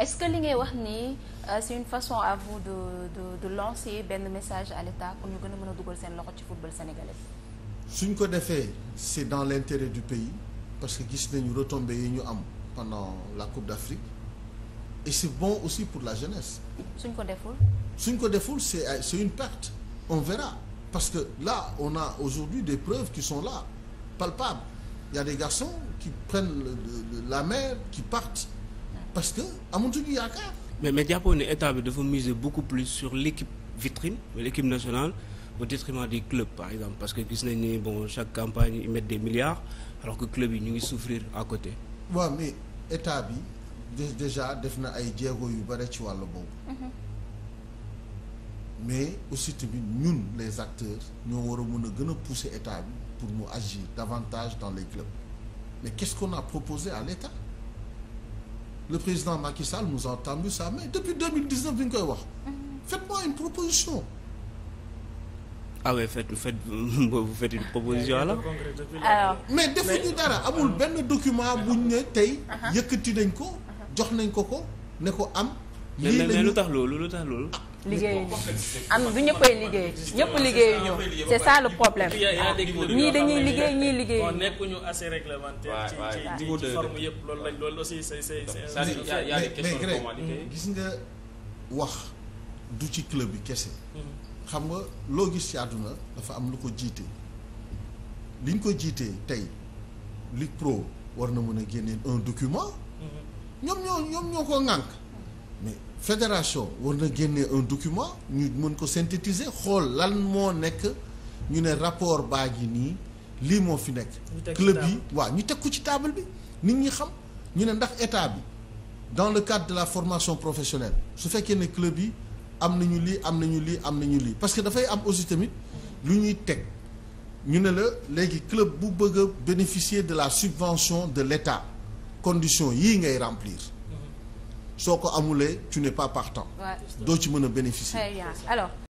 est-ce que li ngay wax ni euh, c'est une façon à vous de de de lancer benn message à l'État pour ñu gën a mën a dugal seen loxo ci football sénégalais. suñ ko defee c'est dans l'intérêt du pays parce que gis nañu retombées yi ñu am pendant la Coupe d'Afrique et c'est bon aussi pour la jeunesse. suñ ko deful. suñ ko deful c'est c'est une perte on verra parce que là on a aujourd'hui des preuves qui sont là palpables il y a des garçons qui prennent la mer qui parce que amatuñu yaakaar. mais mais jàppoon ne état bi dafa miser beaucoup plus sur l' équipe vitrine l'équipe national au détriment des clubs par exemple parce que gis nañ ni bon chaque campagne ils mettent des milliards alors que club yi ñu ngi souffrir à côté. waaw mais état bi déjà def na ay jéego yu bare ci wàll boobu. Mhm. mais aussi tamit ñun les acteurs ñoo war a mun a gën a pousser état bi pour mu agir davantage dans les clubs mais qu'est-ce proposé à l'état le président Macky Sall nous a tendu ça mais depuis 2019 bi ñu koy wax faites-moi une proposition ah oui faites fet vous faites une proposition alors. alors mais defuñu dara amul benn document buñ ne tey. Uh-huh. yëkkati nañ ko jox nañ ko ko ne ko am. lii mais lu tax loolu lu tax loolu. liggéeyuñu am du ñëppay liggéey ñëpp liggéeyuñu c'est ça le problème ñii dañuy liggéey ñii liggéeyuñu nekkuñu assez réglementaire ci ci forme yëpp loolu lañ loolu aussi c'est c'est c'est y a des questions de formalité gis nga wax du ci club bi kese mm-hmm. xam nga loo gis ci àdduna dafa am lu ko jiite li ñu ko jiitee tey Ligue Pro war na mën a génneen un document mm-hmm. ñoom ñoo ñoom ñoo ko ŋànk mais fédération war na génne un document ñu mën ko synthétiser xool lan moo nekk ñu ne rapport baa ngi nii lii moo fi nekk club yi waaw ñu teg ko ci table bi nit ñi xam ñu ne ndax état bi dans le cadre de la formation professionnel su fekkee ne club yi am nañu lii am nañu lii am nañu lii parce que dafay am aussi tamit lu ñuy teg ñu ne la léegi club bu bëgg a bénéficier de la subvention de l'état condition yii ngay remplir soo ko amulee tu n'es pas partant. doo ci mën a bénéficier. alors.